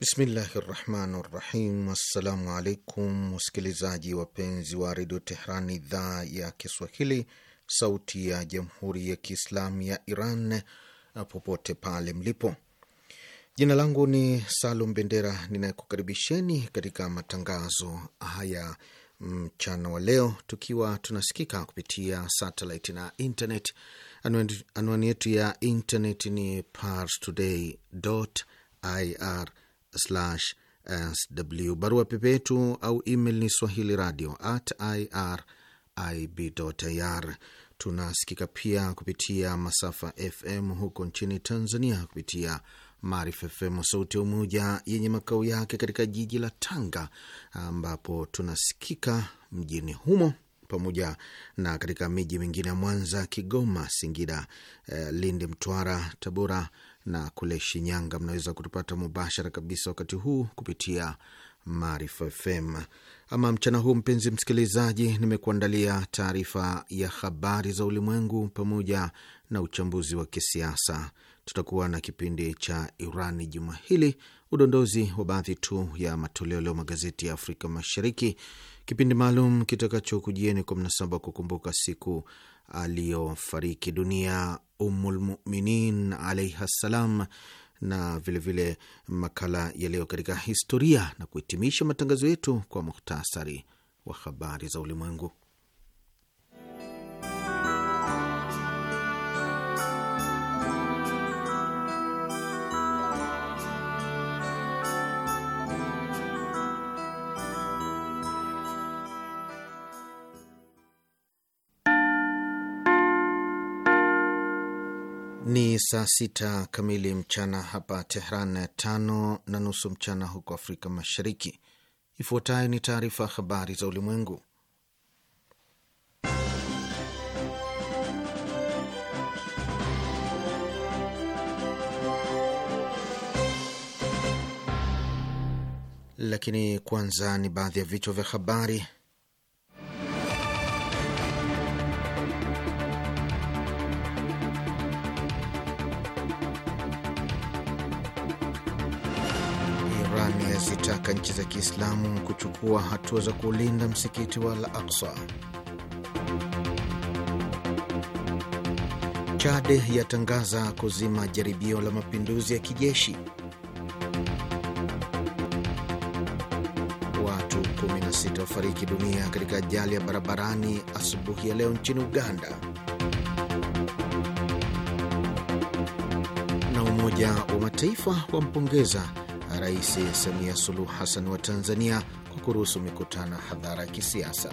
Bismillahi rahmani rahim. Assalamu alaikum wasikilizaji wapenzi wa redio Tehran, idhaa ya Kiswahili, sauti ya jamhuri ya kiislamu ya Iran, popote pale mlipo. Jina langu ni Salum Bendera, ninayekukaribisheni katika matangazo haya mchana wa leo, tukiwa tunasikika kupitia satellite na internet. Anwani yetu ya internet ni parstoday ir sw. Barua pepe yetu au email ni swahili radio at irib.ir. Tunasikika pia kupitia masafa FM huko nchini Tanzania kupitia Maarifa FM sauti ya Umoja yenye makao yake katika jiji la Tanga, ambapo tunasikika mjini humo pamoja na katika miji mingine ya Mwanza, Kigoma, Singida, eh, Lindi, Mtwara, Tabora na kule Shinyanga mnaweza kutupata mubashara kabisa wakati huu kupitia Maarifa FM. Ama mchana huu, mpenzi msikilizaji, nimekuandalia taarifa ya habari za ulimwengu pamoja na uchambuzi wa kisiasa. Tutakuwa na kipindi cha Irani juma hili, udondozi wa baadhi tu ya matoleo leo magazeti ya Afrika Mashariki, kipindi maalum kitakachokujieni kwa mnasaba wa kukumbuka siku aliyofariki dunia Ummulmuminin alaihi ssalam, na vilevile vile makala yaliyo katika historia, na kuhitimisha matangazo yetu kwa muhtasari wa habari za ulimwengu. saa sita kamili mchana hapa Tehran, tano na nusu mchana huko Afrika Mashariki. Ifuatayo ni taarifa ya habari za ulimwengu, lakini kwanza ni baadhi ya vichwa vya habari. katika nchi za Kiislamu kuchukua hatua za kulinda msikiti wa al aksa Chade yatangaza kuzima jaribio la mapinduzi ya kijeshi. Watu 16 wafariki dunia katika ajali ya barabarani asubuhi ya leo nchini Uganda. Na Umoja wa Mataifa wampongeza Rais Samia Suluhu Hassan wa Tanzania kwa kuruhusu mikutano ya hadhara ya kisiasa.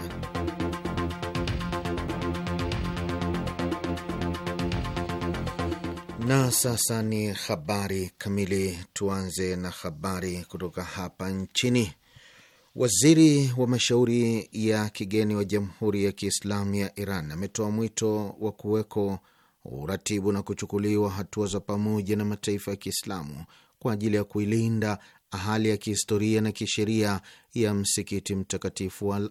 Na sasa ni habari kamili. Tuanze na habari kutoka hapa nchini. Waziri wa mashauri ya kigeni wa Jamhuri ya Kiislamu ya Iran ametoa mwito wa kuweko uratibu na kuchukuliwa hatua za pamoja na mataifa ya Kiislamu kwa ajili ya kuilinda hali ya kihistoria na kisheria ya msikiti mtakatifu wa Al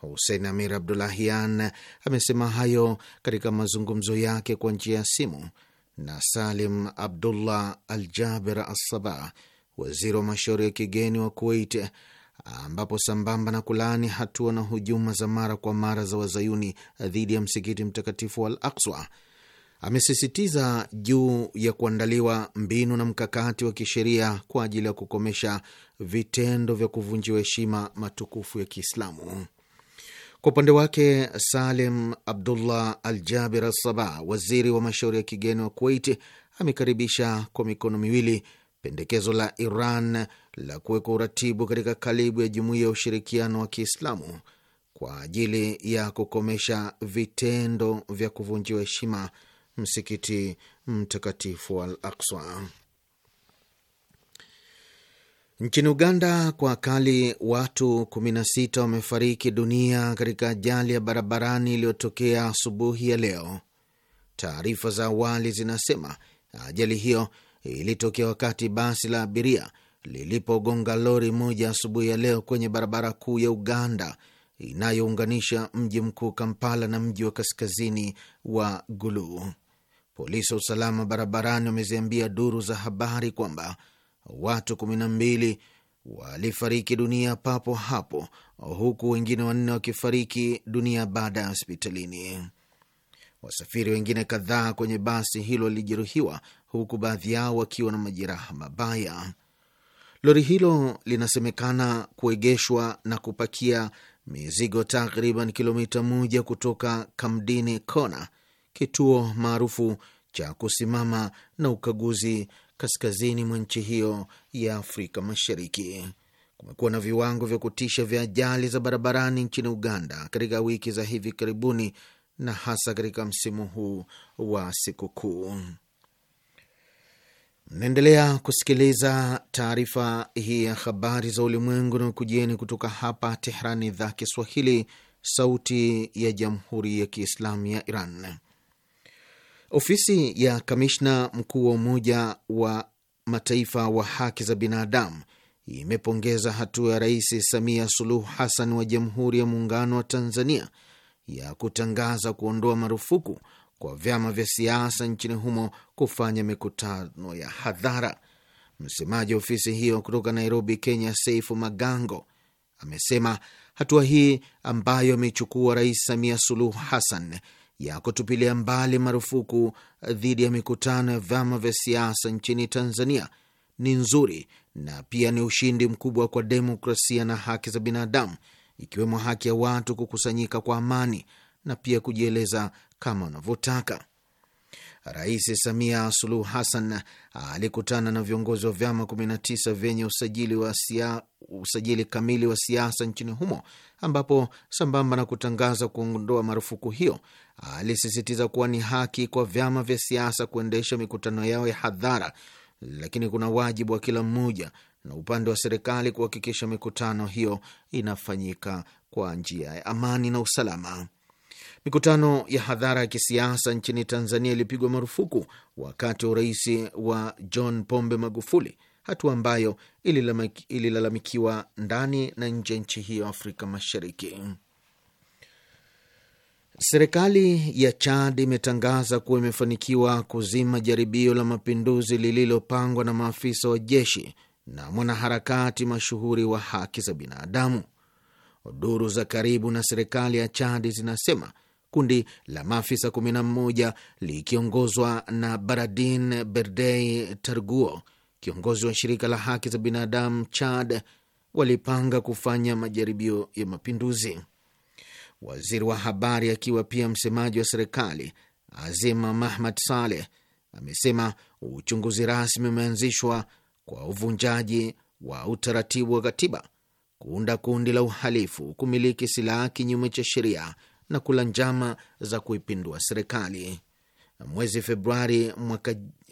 Husein Amir Abdulahian amesema hayo katika mazungumzo yake kwa njia ya simu na Salim Abdullah Al Jaber Assaba, waziri wa mashauri ya kigeni wa Kuwait, ambapo sambamba na kulaani hatua na hujuma za mara kwa mara za wazayuni dhidi ya msikiti mtakatifu wa Al akswa amesisitiza juu ya kuandaliwa mbinu na mkakati wa kisheria kwa ajili ya kukomesha vitendo vya kuvunjiwa heshima matukufu ya Kiislamu. Kwa upande wake, Salim Abdullah Al Jaber Al Saba, waziri wa mashauri ya kigeni wa Kuwait, amekaribisha kwa mikono miwili pendekezo la Iran la kuwekwa uratibu katika kalibu ya Jumuiya ya Ushirikiano wa Kiislamu kwa ajili ya kukomesha vitendo vya kuvunjiwa heshima msikiti mtakatifu wa Al Aksa. Nchini Uganda kwa akali watu 16 wamefariki dunia katika ajali ya barabarani iliyotokea asubuhi ya leo. Taarifa za awali zinasema ajali hiyo ilitokea wakati basi la abiria lilipogonga lori moja asubuhi ya leo kwenye barabara kuu ya Uganda inayounganisha mji mkuu Kampala na mji wa kaskazini wa Gulu. Polisi wa usalama barabarani wameziambia duru za habari kwamba watu kumi na mbili walifariki dunia papo hapo huku wengine wanne wakifariki dunia baada ya hospitalini. Wasafiri wengine kadhaa kwenye basi hilo walijeruhiwa huku baadhi yao wakiwa na majeraha mabaya. Lori hilo linasemekana kuegeshwa na kupakia mizigo takriban kilomita moja kutoka Kamdini cona kituo maarufu cha kusimama na ukaguzi kaskazini mwa nchi hiyo ya Afrika Mashariki. Kumekuwa na viwango vya kutisha vya ajali za barabarani nchini Uganda katika wiki za hivi karibuni na hasa katika msimu huu wa sikukuu. Mnaendelea kusikiliza taarifa hii ya habari za ulimwengu na kujieni kutoka hapa Tehrani, idhaa Kiswahili, sauti ya jamhuri ya kiislamu ya Iran. Ofisi ya kamishna mkuu wa Umoja wa Mataifa wa haki za binadamu imepongeza hatua ya Rais Samia Suluhu Hassan wa Jamhuri ya Muungano wa Tanzania ya kutangaza kuondoa marufuku kwa vyama vya siasa nchini humo kufanya mikutano ya hadhara. Msemaji wa ofisi hiyo kutoka Nairobi, Kenya, Seifu Magango amesema hatua hii ambayo amechukua Rais Samia Suluhu Hassan ya kutupilia mbali marufuku dhidi ya mikutano ya vyama vya siasa nchini Tanzania ni nzuri na pia ni ushindi mkubwa kwa demokrasia na haki za binadamu, ikiwemo haki ya watu kukusanyika kwa amani na pia kujieleza kama wanavyotaka. Rais Samia Suluhu Hassan alikutana na viongozi wa vyama 19 vyenye usajili, wa sia, usajili kamili wa siasa nchini humo ambapo sambamba na kutangaza kuondoa marufuku hiyo alisisitiza kuwa ni haki kwa vyama vya siasa kuendesha mikutano yao ya hadhara, lakini kuna wajibu wa kila mmoja na upande wa serikali kuhakikisha mikutano hiyo inafanyika kwa njia ya amani na usalama. Mikutano ya hadhara ya kisiasa nchini Tanzania ilipigwa marufuku wakati wa urais wa John Pombe Magufuli, hatua ambayo ililalamikiwa ndani na nje ya nchi hiyo Afrika Mashariki. Serikali ya Chad imetangaza kuwa imefanikiwa kuzima jaribio la mapinduzi lililopangwa na maafisa wa jeshi na mwanaharakati mashuhuri wa haki za binadamu. Duru za karibu na serikali ya Chad zinasema kundi la maafisa 11 likiongozwa na Baradin Berdei Targuo, kiongozi wa shirika la haki za binadamu Chad, walipanga kufanya majaribio ya mapinduzi. Waziri wa habari akiwa pia msemaji wa serikali Azima Mahmad Saleh amesema uchunguzi rasmi umeanzishwa kwa uvunjaji wa utaratibu wa katiba, kuunda kundi la uhalifu, kumiliki silaha kinyume cha sheria na kula njama za kuipindua serikali. Mwezi Februari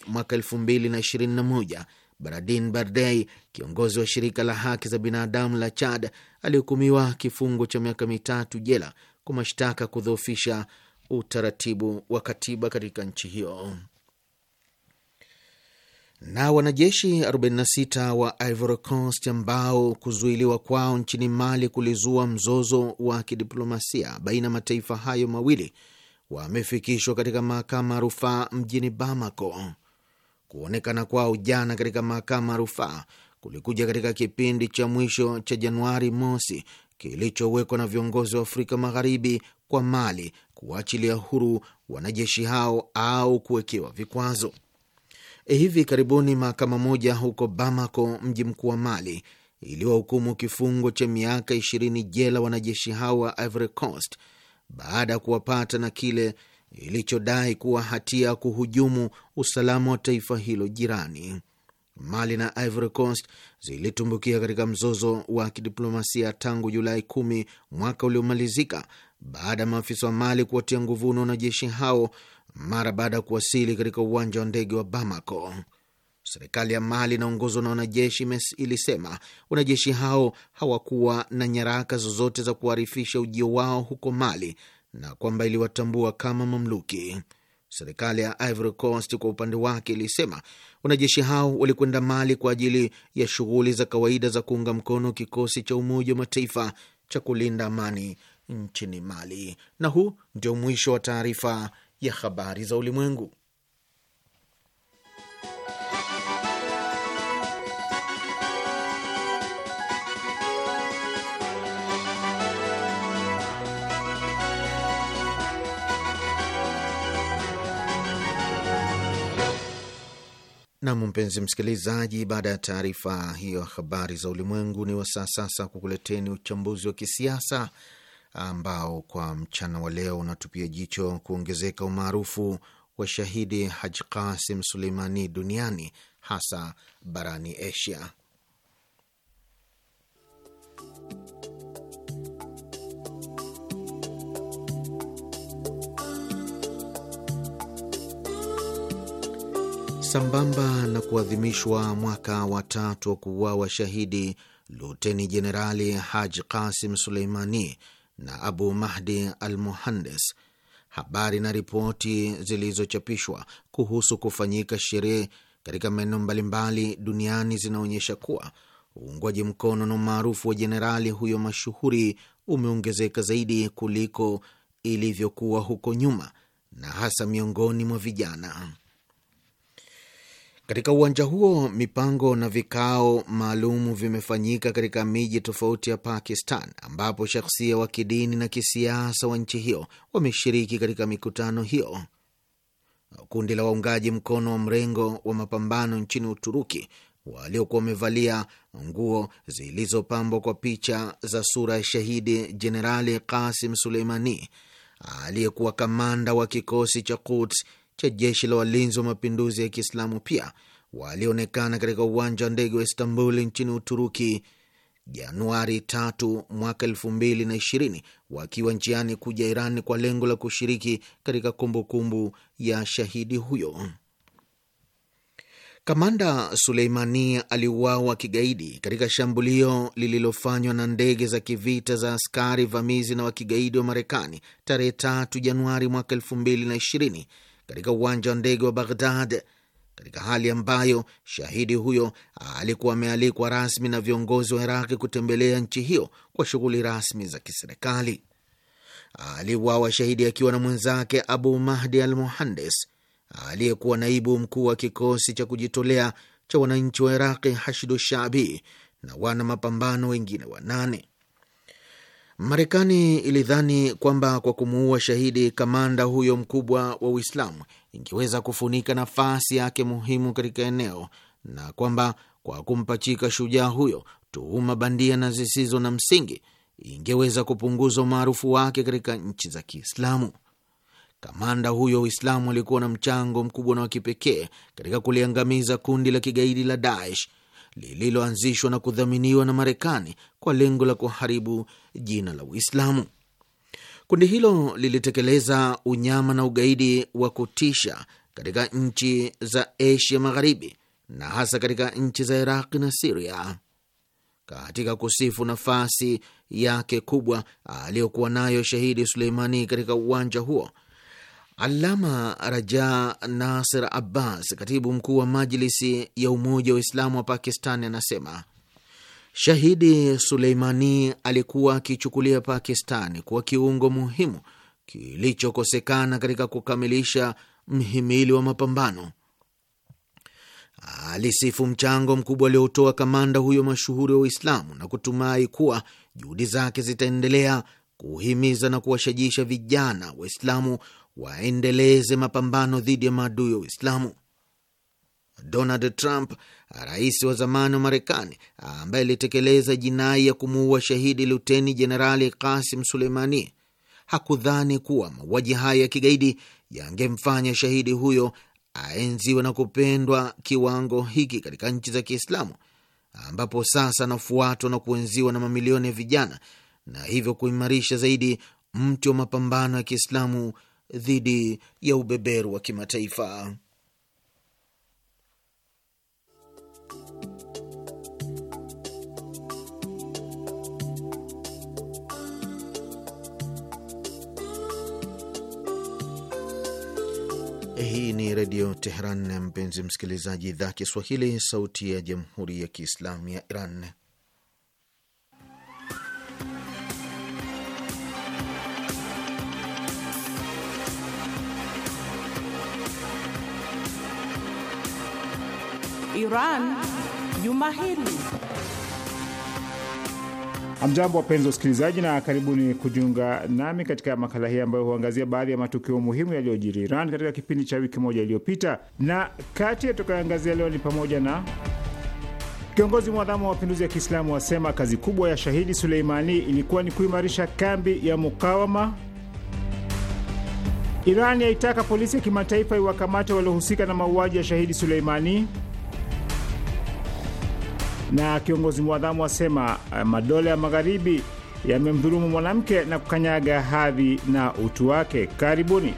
mwaka elfu mbili na ishirini na moja Baradin Bardei, kiongozi wa shirika la haki za binadamu la Chad, alihukumiwa kifungo cha miaka mitatu jela kwa mashtaka kudhoofisha utaratibu wa katiba katika nchi hiyo. Na wanajeshi 46 wa Ivory Coast ambao kuzuiliwa kwao nchini Mali kulizua mzozo wa kidiplomasia baina ya mataifa hayo mawili wamefikishwa katika mahakama ya rufaa mjini Bamako. Kuonekana kwao jana katika mahakama ya rufaa kulikuja katika kipindi cha mwisho cha Januari mosi kilichowekwa na viongozi wa Afrika Magharibi kwa Mali kuachilia huru wanajeshi hao au kuwekewa vikwazo. Hivi karibuni mahakama moja huko Bamako, mji mkuu wa Mali, iliwahukumu kifungo cha miaka ishirini jela wanajeshi hao wa Ivory Coast baada ya kuwapata na kile ilichodai kuwa hatia ya kuhujumu usalama wa taifa hilo jirani. Mali na Ivory Coast zilitumbukia katika mzozo wa kidiplomasia tangu Julai kumi mwaka uliomalizika baada ya maafisa wa Mali kuwatia nguvuni wanajeshi hao mara baada ya kuwasili katika uwanja wa ndege wa Bamako. Serikali ya Mali inaongozwa na wanajeshi ilisema wanajeshi hao hawakuwa na nyaraka zozote za kuharifisha ujio wao huko Mali na kwamba iliwatambua kama mamluki. Serikali ya Ivory Coast kwa upande wake ilisema wanajeshi hao walikwenda Mali kwa ajili ya shughuli za kawaida za kuunga mkono kikosi cha Umoja wa Mataifa cha kulinda amani nchini Mali. Na huu ndio mwisho wa taarifa ya habari za ulimwengu. Nam, mpenzi msikilizaji, baada ya taarifa hiyo habari za ulimwengu, ni wasaa sasa kukuleteni uchambuzi wa kisiasa ambao kwa mchana wa leo unatupia jicho kuongezeka umaarufu wa shahidi haj Qasim Suleimani duniani hasa barani Asia. sambamba na kuadhimishwa mwaka wa tatu wa kuuawa shahidi Luteni Jenerali Haji Qasim Suleimani na Abu Mahdi al Muhandes, habari na ripoti zilizochapishwa kuhusu kufanyika sherehe katika maeneo mbalimbali duniani zinaonyesha kuwa uungwaji mkono na umaarufu wa jenerali huyo mashuhuri umeongezeka zaidi kuliko ilivyokuwa huko nyuma na hasa miongoni mwa vijana. Katika uwanja huo mipango na vikao maalum vimefanyika katika miji tofauti ya Pakistan, ambapo shakhsia wa kidini na kisiasa wa nchi hiyo wameshiriki katika mikutano hiyo. Kundi la waungaji mkono wa mrengo wa mapambano nchini Uturuki waliokuwa wamevalia nguo zilizopambwa kwa picha za sura ya shahidi Jenerali Kasim Suleimani aliyekuwa kamanda wa kikosi cha Quds cha jeshi la walinzi wa mapinduzi ya Kiislamu pia walionekana katika uwanja wa ndege wa Istanbul nchini Uturuki Januari 3 mwaka 2020 wakiwa njiani kuja Iran kwa lengo la kushiriki katika kumbukumbu ya shahidi huyo. Kamanda Suleimani aliuawa kigaidi katika shambulio lililofanywa na ndege za kivita za askari vamizi na wakigaidi wa Marekani tarehe 3 Januari mwaka katika uwanja wa ndege wa Baghdad, katika hali ambayo shahidi huyo alikuwa amealikwa rasmi na viongozi wa Iraqi kutembelea nchi hiyo kwa shughuli rasmi za kiserikali. Aliuawa shahidi akiwa na mwenzake Abu Mahdi al Muhandis, aliyekuwa naibu mkuu wa kikosi cha kujitolea cha wananchi wa Iraqi Hashdu Shabi, na wana mapambano wengine wanane. Marekani ilidhani kwamba kwa kumuua shahidi kamanda huyo mkubwa wa Uislamu ingeweza kufunika nafasi yake muhimu katika eneo na kwamba kwa kumpachika shujaa huyo tuhuma bandia na zisizo na msingi ingeweza kupunguza umaarufu wake katika nchi za Kiislamu. Kamanda huyo Uislamu alikuwa na mchango mkubwa na wa kipekee katika kuliangamiza kundi la kigaidi la Daesh lililoanzishwa na kudhaminiwa na Marekani kwa lengo la kuharibu jina la Uislamu. Kundi hilo lilitekeleza unyama na ugaidi wa kutisha katika nchi za Asia Magharibi na hasa katika nchi za Iraqi na Siria. Katika kusifu nafasi yake kubwa aliyokuwa nayo shahidi Suleimani katika uwanja huo Alama Raja Nasir Abbas, katibu mkuu wa Majlisi ya Umoja wa Islamu wa Pakistani, anasema shahidi Suleimani alikuwa akichukulia Pakistani kuwa kiungo muhimu kilichokosekana katika kukamilisha mhimili wa mapambano. Alisifu mchango mkubwa aliotoa kamanda huyo mashuhuri wa Uislamu na kutumai kuwa juhudi zake zitaendelea kuhimiza na kuwashajisha vijana Waislamu waendeleze mapambano dhidi ya maadui ya Uislamu. Donald Trump, rais wa zamani wa Marekani ambaye alitekeleza jinai ya kumuua shahidi luteni jenerali Kasim Suleimani, hakudhani kuwa mauaji haya ya kigaidi yangemfanya shahidi huyo aenziwe na kupendwa kiwango hiki katika nchi za Kiislamu, ambapo sasa anafuatwa na kuenziwa na mamilioni ya vijana na hivyo kuimarisha zaidi mti wa mapambano ya Kiislamu dhidi ya ubeberu wa kimataifa. Hii ni Redio Teheran, mpenzi msikilizaji, idhaa Kiswahili, sauti ya Jamhuri ya Kiislamu ya Iran. Iran juma hili. Hamjambo, wapenzi wasikilizaji, na karibuni kujiunga nami katika makala hii ambayo huangazia baadhi ya matukio muhimu yaliyojiri Iran katika kipindi cha wiki moja iliyopita, na kati yatakayoangazia leo ni pamoja na Kiongozi mwadhamu wa mapinduzi ya Kiislamu wasema kazi kubwa ya shahidi Suleimani ilikuwa ni kuimarisha kambi ya mukawama. Iran yaitaka polisi ya kimataifa iwakamate waliohusika na mauaji ya shahidi Suleimani na kiongozi mwadhamu asema eh, madola ya magharibi yamemdhulumu mwanamke na kukanyaga hadhi na utu wake. Karibuni.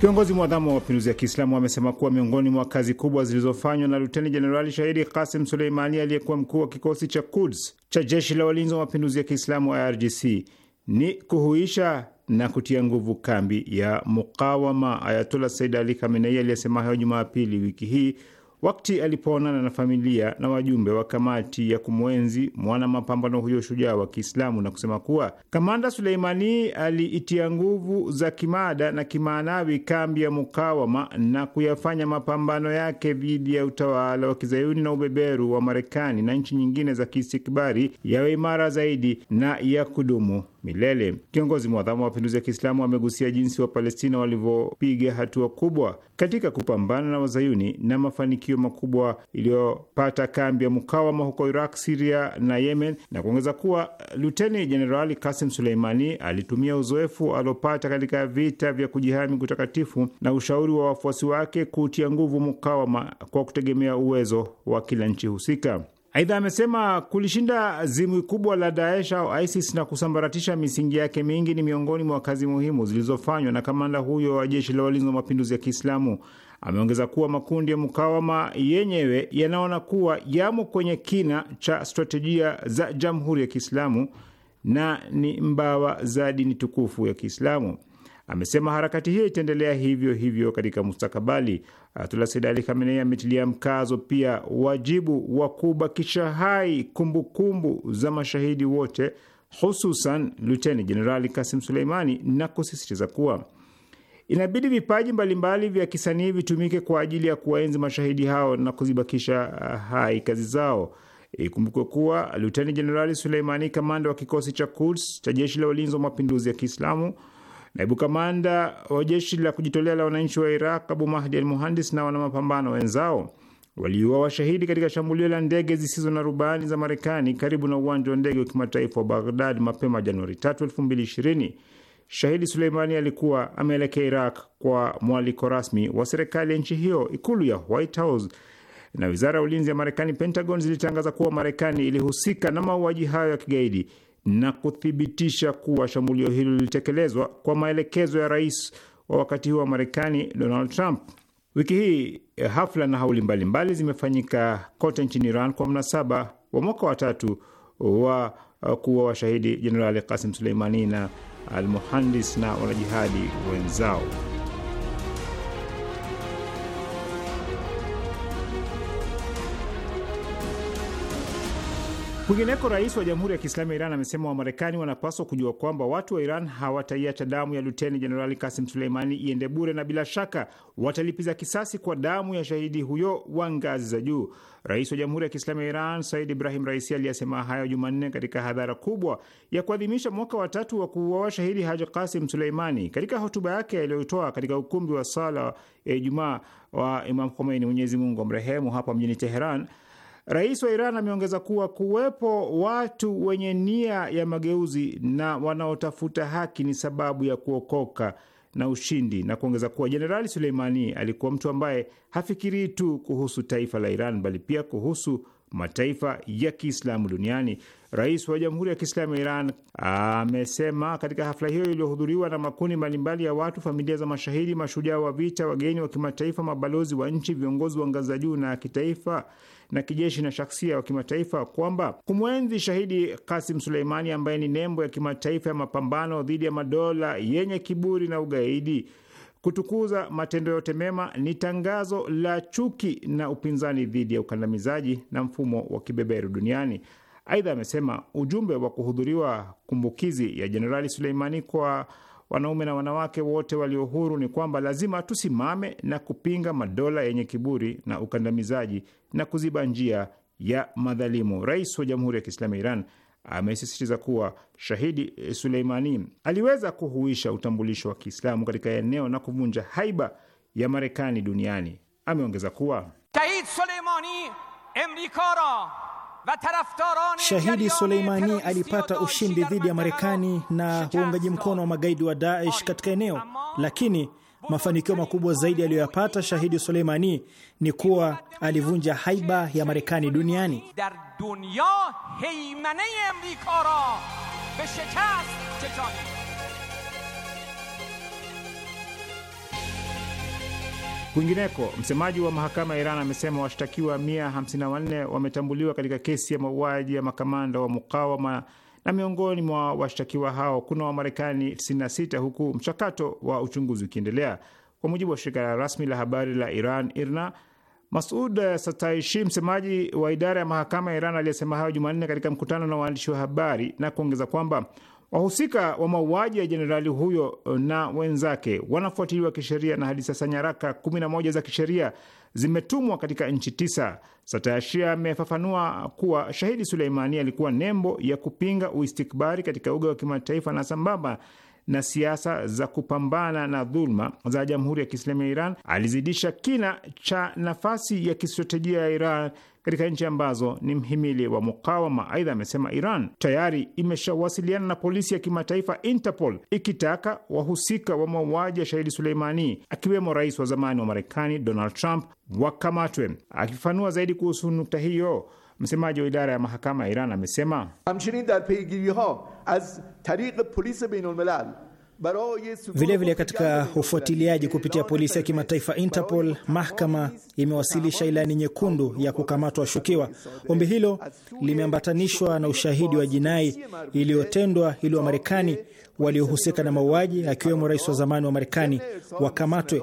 Kiongozi mwadhamu wa mapinduzi ya Kiislamu amesema kuwa miongoni mwa kazi kubwa zilizofanywa na Luteni Jenerali Shahidi Kasim Suleimani, aliyekuwa mkuu wa kikosi cha Kuds cha jeshi la walinzi wa mapinduzi ya Kiislamu IRGC ni kuhuisha na kutia nguvu kambi ya mukawama. Ayatullah Said Ali Khamenei aliyesema hayo Jumapili wiki hii wakati alipoonana na familia na wajumbe wa kamati ya kumwenzi mwana mapambano huyo shujaa wa Kiislamu na kusema kuwa kamanda Suleimani aliitia nguvu za kimada na kimaanawi kambi ya mukawama na kuyafanya mapambano yake dhidi ya utawala wa kizayuni na ubeberu wa Marekani na nchi nyingine za kiistikbari yawe imara zaidi na ya kudumu milele. Kiongozi mwadhamu wa mapinduzi ya Kiislamu amegusia jinsi Wapalestina walivyopiga hatua kubwa katika kupambana na wazayuni na mafanikio makubwa iliyopata kambi ya mukawama huko Iraq, Siria na Yemen, na kuongeza kuwa Luteni Jenerali Kasim Suleimani alitumia uzoefu aliopata katika vita vya kujihami kutakatifu na ushauri wa wafuasi wake kutia nguvu mukawama kwa kutegemea uwezo wa kila nchi husika. Aidha amesema kulishinda zimwi kubwa la Daesh au ISIS na kusambaratisha misingi yake mingi ni miongoni mwa kazi muhimu zilizofanywa na kamanda huyo wa jeshi la walinzi wa mapinduzi ya Kiislamu. Ameongeza kuwa makundi ya mukawama yenyewe yanaona kuwa yamo kwenye kina cha stratejia za jamhuri ya Kiislamu na ni mbawa za dini tukufu ya Kiislamu. Amesema harakati hiyo itaendelea hivyo hivyo katika mustakabali. Ayatullah Sayyid Ali Khamenei ametilia mkazo pia wajibu wa kubakisha hai kumbukumbu kumbu za mashahidi wote, hususan Luteni Jenerali Kasim Suleimani, na kusisitiza kuwa inabidi vipaji mbalimbali mbali vya kisanii vitumike kwa ajili ya kuwaenzi mashahidi hao na kuzibakisha uh, hai kazi zao. Ikumbukwe kuwa Luteni Jenerali Suleimani, kamanda wa kikosi cha Quds cha jeshi la ulinzi wa mapinduzi ya Kiislamu, Naibu kamanda wa jeshi la kujitolea la wananchi wa Iraq Abu Mahdi al Muhandis na wanamapambano wenzao waliuawa washahidi katika shambulio la ndege zisizo na rubani za Marekani karibu na uwanja wa ndege wa kimataifa wa Baghdad mapema Januari 3, 2020. Shahidi Suleimani alikuwa ameelekea Iraq kwa mwaliko rasmi wa serikali ya nchi hiyo. Ikulu ya White House na wizara ya ulinzi ya Marekani, Pentagon, zilitangaza kuwa Marekani ilihusika na mauaji hayo ya kigaidi na kuthibitisha kuwa shambulio hilo lilitekelezwa kwa maelekezo ya rais wa wakati huo wa Marekani, Donald Trump. Wiki hii eh, hafla na hauli mbalimbali zimefanyika kote nchini Iran kwa mnasaba wa mwaka wa tatu wa eh, kuwa washahidi Jenerali Kasim Suleimani na Almuhandis na wanajihadi wenzao. Kwingineko, rais wa Jamhuri ya Kiislamu ya Iran amesema Wamarekani wanapaswa kujua kwamba watu wa Iran hawataiacha damu ya Luteni Jenerali Kasim Suleimani iende bure, na bila shaka watalipiza kisasi kwa damu ya shahidi huyo wa ngazi za juu. Rais wa Jamhuri ya Kiislamu ya Iran Said Ibrahim Raisi aliyesema hayo Jumanne katika hadhara kubwa ya kuadhimisha mwaka watatu wa kuuawa shahidi Haji Kasim Suleimani. Katika hotuba yake aliyoitoa katika ukumbi wa sala ya Ijumaa wa Imam Khomeini, Mwenyezi Mungu amrehemu, hapa mjini Teheran Rais wa Iran ameongeza kuwa kuwepo watu wenye nia ya mageuzi na wanaotafuta haki ni sababu ya kuokoka na ushindi, na kuongeza kuwa Jenerali Suleimani alikuwa mtu ambaye hafikirii tu kuhusu taifa la Iran bali pia kuhusu mataifa ya Kiislamu duniani. Rais wa Jamhuri ya Kiislamu ya Iran amesema katika hafla hiyo iliyohudhuriwa na makundi mbalimbali ya watu, familia za mashahidi, mashujaa wa vita, wageni wa kimataifa, mabalozi wa nchi, viongozi wa ngazi za juu na kitaifa na kijeshi na shaksia wa kimataifa kwamba kumwenzi shahidi Kasim Suleimani ambaye ni nembo ya kimataifa ya mapambano dhidi ya madola yenye kiburi na ugaidi kutukuza matendo yote mema ni tangazo la chuki na upinzani dhidi ya ukandamizaji na mfumo wa kibeberu duniani. Aidha amesema ujumbe wa kuhudhuriwa kumbukizi ya Jenerali Suleimani kwa wanaume na wanawake wote walio huru ni kwamba lazima tusimame na kupinga madola yenye kiburi na ukandamizaji na kuziba njia ya madhalimu. Rais wa Jamhuri ya Kiislamu ya Iran amesisitiza kuwa shahidi eh, Suleimani aliweza kuhuisha utambulisho wa Kiislamu katika eneo na kuvunja haiba ya Marekani duniani. Ameongeza kuwa shahid Suleimani amrika Shahidi Suleimani alipata ushindi dhidi ya Marekani na uungaji mkono wa magaidi wa Daesh katika eneo, lakini mafanikio makubwa zaidi aliyoyapata Shahidi Suleimani ni kuwa alivunja haiba ya Marekani duniani. Kwingineko, msemaji wa mahakama ya Iran amesema washtakiwa 154 wametambuliwa katika kesi ya mauaji ya makamanda wa mukawama na miongoni mwa washtakiwa hao kuna Wamarekani 96 huku mchakato wa uchunguzi ukiendelea. Kwa mujibu wa shirika rasmi la habari la Iran IRNA, Masud Sataishi, msemaji wa idara ya mahakama ya Iran, aliyesema hayo Jumanne katika mkutano na waandishi wa habari na kuongeza kwamba Wahusika wa mauaji ya jenerali huyo uh, na wenzake wanafuatiliwa kisheria na hadi sasa nyaraka 11 za kisheria zimetumwa katika nchi tisa. Satayashia amefafanua kuwa shahidi Suleimani alikuwa nembo ya kupinga uistikbari katika uga wa kimataifa na sambamba na siasa za kupambana na dhuluma za Jamhuri ya Kiislamu ya Iran alizidisha kina cha nafasi ya kistratejia ya Iran katika nchi ambazo ni mhimili wa mukawama. Aidha, amesema Iran tayari imeshawasiliana na polisi ya kimataifa Interpol ikitaka wahusika wa mauaji ya shahidi Suleimani, akiwemo rais wa zamani wa Marekani Donald Trump, wakamatwe. Akifafanua zaidi kuhusu nukta hiyo Msemaji wa idara ya mahakama ya Iran amesema hamchinin dar peigiriha az tariq polis bainulmalal Vilevile vile katika ufuatiliaji kupitia polisi ya kimataifa Interpol, mahakama imewasilisha ilani nyekundu ya kukamatwa washukiwa. Ombi hilo limeambatanishwa na ushahidi wa jinai iliyotendwa ili Wamarekani waliohusika na mauaji akiwemo rais wa zamani wa Marekani wakamatwe.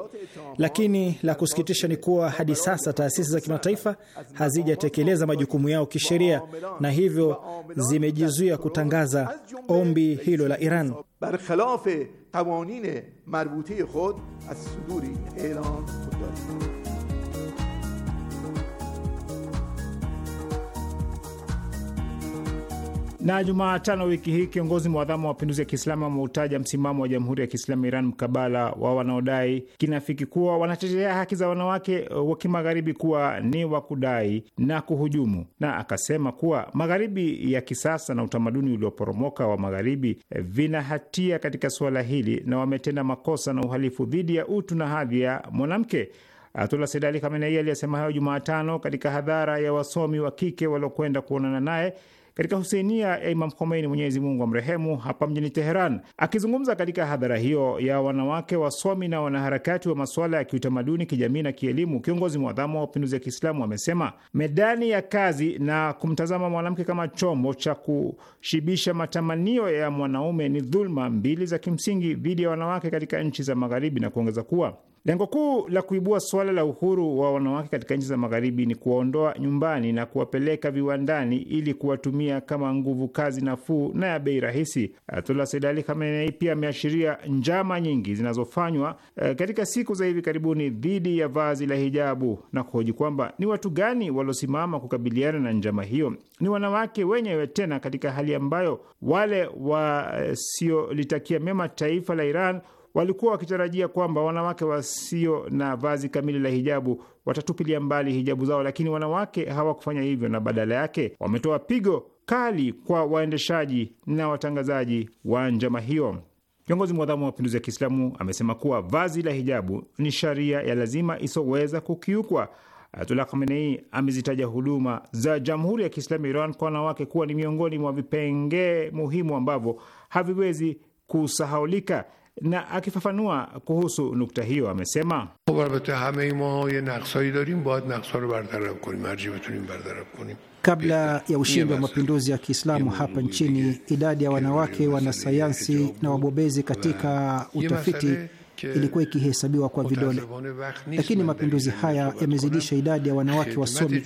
Lakini la kusikitisha ni kuwa hadi sasa taasisi za kimataifa hazijatekeleza majukumu yao kisheria na hivyo zimejizuia kutangaza ombi hilo la Iran. Na Jumatano wiki hii kiongozi mwadhamu wa mapinduzi ya Kiislamu ameutaja msimamo wa Jamhuri ya Kiislamu Iran mkabala wa wanaodai kinafiki kuwa wanatetea haki za wanawake wa kimagharibi kuwa ni wa kudai na kuhujumu, na akasema kuwa magharibi ya kisasa na utamaduni ulioporomoka wa magharibi vina hatia katika suala hili na wametenda makosa na uhalifu dhidi ya utu na hadhi ya mwanamke. Ayatullah Sayyid Ali Khamenei aliyesema hayo Jumatano katika hadhara ya wasomi wa kike waliokwenda kuonana naye katika huseinia ya Imam Khomeini, Mwenyezi Mungu amrehemu, hapa mjini Teheran. Akizungumza katika hadhara hiyo ya wanawake wasomi na wanaharakati wa masuala ya kiutamaduni, kijamii na kielimu, kiongozi mwadhamu wa mapinduzi ya Kiislamu amesema medani ya kazi na kumtazama mwanamke kama chombo cha kushibisha matamanio ya mwanaume ni dhuluma mbili za kimsingi dhidi ya wanawake katika nchi za Magharibi, na kuongeza kuwa Lengo kuu la kuibua suala la uhuru wa wanawake katika nchi za magharibi ni kuwaondoa nyumbani na kuwapeleka viwandani ili kuwatumia kama nguvu kazi nafuu na ya bei rahisi. Ayatullah Sayyid Ali Khamenei pia ameashiria njama nyingi zinazofanywa e, katika siku za hivi karibuni dhidi ya vazi la hijabu na kuhoji kwamba ni watu gani waliosimama kukabiliana na njama hiyo. Ni wanawake wenyewe, tena katika hali ambayo wale wasiolitakia eh, mema taifa la Iran walikuwa wakitarajia kwamba wanawake wasio na vazi kamili la hijabu watatupilia mbali hijabu zao, lakini wanawake hawakufanya hivyo, na badala yake wametoa pigo kali kwa waendeshaji na watangazaji wa njama hiyo. Kiongozi mwadhamu wa mapinduzi ya Kiislamu amesema kuwa vazi la hijabu ni sharia ya lazima isoweza kukiukwa. Ayatullah Khamenei amezitaja huduma za Jamhuri ya Kiislamu Iran kwa wanawake kuwa ni miongoni mwa vipengee muhimu ambavyo haviwezi kusahaulika na akifafanua kuhusu nukta hiyo amesema kabla ya ushindi wa mapinduzi ya Kiislamu hapa nchini, idadi ya wanawake wanasayansi na wabobezi katika utafiti ilikuwa ikihesabiwa kwa vidole, lakini mapinduzi haya yamezidisha idadi ya wanawake wasomi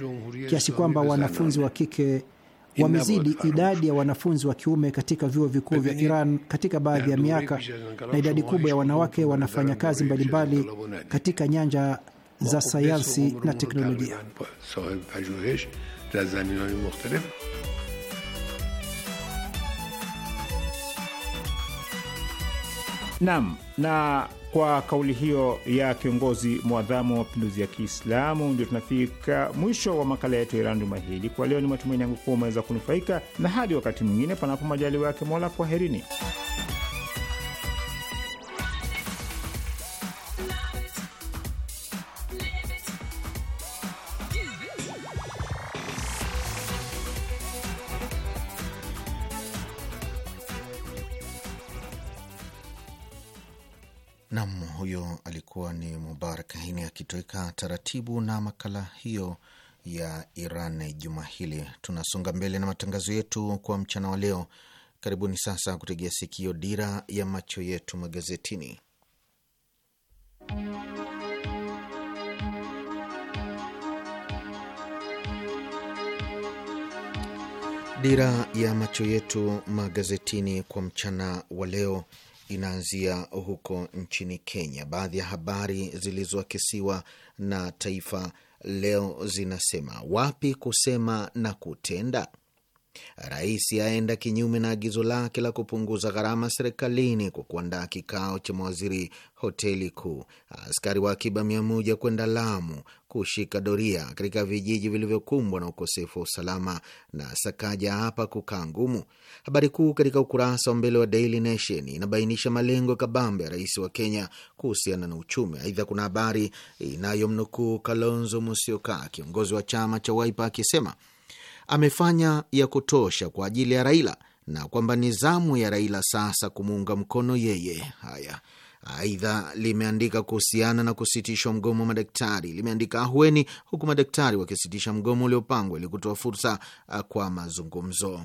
kiasi kwamba wanafunzi wa kike wamezidi idadi ya wanafunzi wa kiume katika vyuo vikuu vya Iran katika baadhi ya miaka, na idadi kubwa ya wanawake wanafanya kazi mbalimbali katika nyanja za sayansi na teknolojia. Eh, Naam, na kwa kauli hiyo ya kiongozi mwadhamu wa mapinduzi ya Kiislamu ndio tunafika mwisho wa makala yetu ya Iran juma hili. Kwa leo, ni matumaini yangu kuwa umeweza kunufaika, na hadi wakati mwingine, panapo majaliwa yake Mola, kwaherini. huyo alikuwa ni Mubarak Hini akitoweka taratibu na makala hiyo ya Iran juma hili. Tunasonga mbele na matangazo yetu kwa mchana wa leo. Karibuni sasa kutegea sikio dira ya macho yetu magazetini. Dira ya macho yetu magazetini kwa mchana wa leo inaanzia huko nchini Kenya. Baadhi ya habari zilizoakisiwa na Taifa Leo zinasema wapi kusema na kutenda Rais aenda kinyume na agizo lake la kupunguza gharama serikalini kwa kuandaa kikao cha mawaziri hoteli kuu. Askari wa akiba mia moja kwenda Lamu kushika doria katika vijiji vilivyokumbwa na ukosefu wa usalama. Na Sakaja hapa kukaa ngumu. Habari kuu katika ukurasa wa mbele wa Daily Nation inabainisha malengo kabambe ya rais wa Kenya kuhusiana na uchumi. Aidha, kuna habari inayomnukuu Kalonzo Musyoka, kiongozi wa chama cha Wiper akisema amefanya ya kutosha kwa ajili ya Raila na kwamba ni zamu ya Raila sasa kumuunga mkono yeye. Haya, aidha limeandika kuhusiana na kusitishwa mgomo wa madaktari, limeandika ahueni, huku madaktari wakisitisha mgomo uliopangwa ili kutoa fursa uh, kwa mazungumzo.